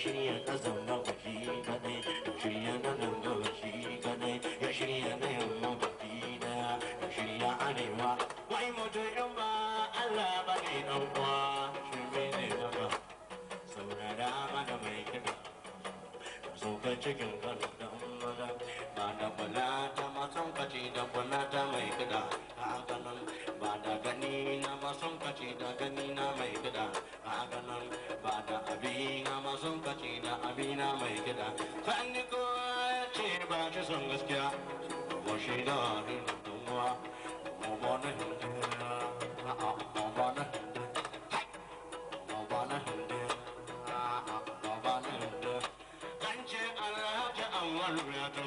shirya ƙasan mawaki kadai shirya nan mawaki kadai ya kiɗa kan ni ce ba shi son gaskiya ba shi da ni tumuwa ba na ba na ba na ba na kan ce alhaji anwar ya to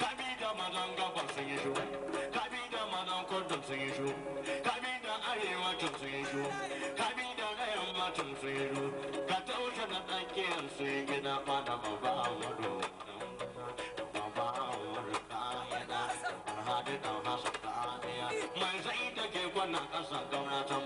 kabi da mazan gabas sun yi shu kabi da mazan kudin sun yi shu kabi da arewa tun sun yi shu kabi da na yamma tun sun yi shu again, singing up on a mobile room. Mai zai take wannan ƙasa gwamnatin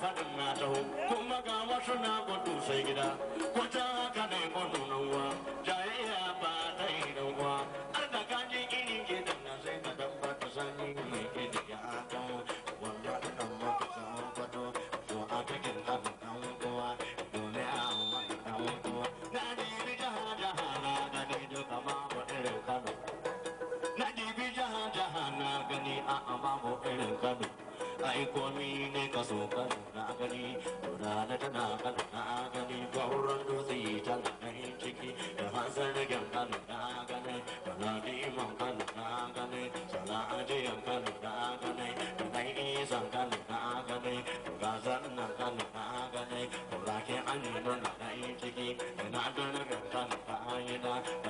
faɗin na taho kuma ga wasu na gudu sai gida ko irin kano ai komi ne ka so kano na gani rana tana kano na ta na ciki da hanzar ragen kano na gani da na neman kano na gani sana ajiyan kano na gani da na na da na na an na na na na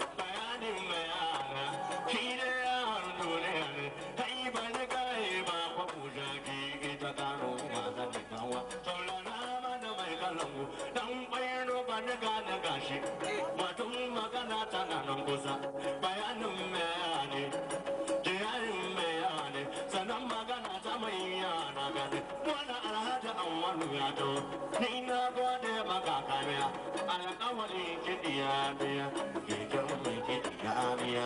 samu ya to ni gode maka kariya alƙawari kiɗi ya biya keken mai kiɗi ya biya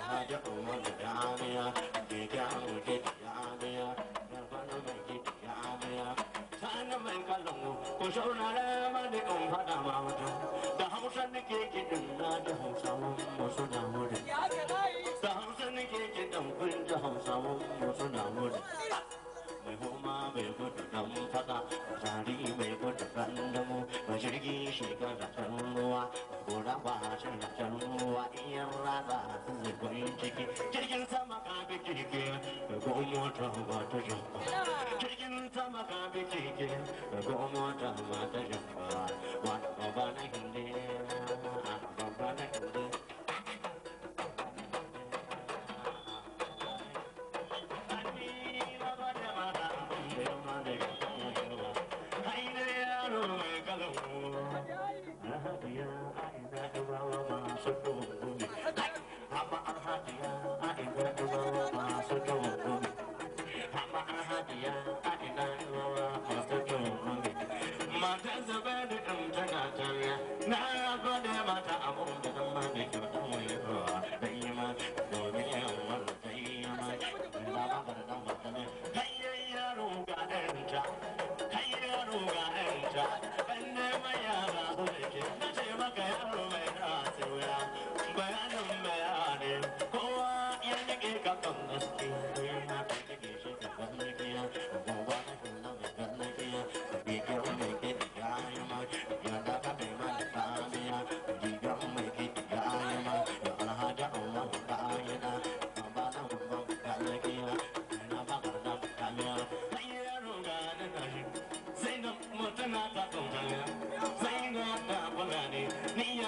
na da umar da ya biya keken mai kiɗi ya biya na bana mai kiɗi ya biya na mai kallon ku saurare mani in faɗa ma mutum da hausa ne nake kiɗin na da hausawan wasu na wurin da hausa ne nake kiɗin kun da hausawan wasu na wurin mai homa mai gudu dan faɗa ཁྱི ཕྱད མམ གསམ གསམ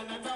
Canada.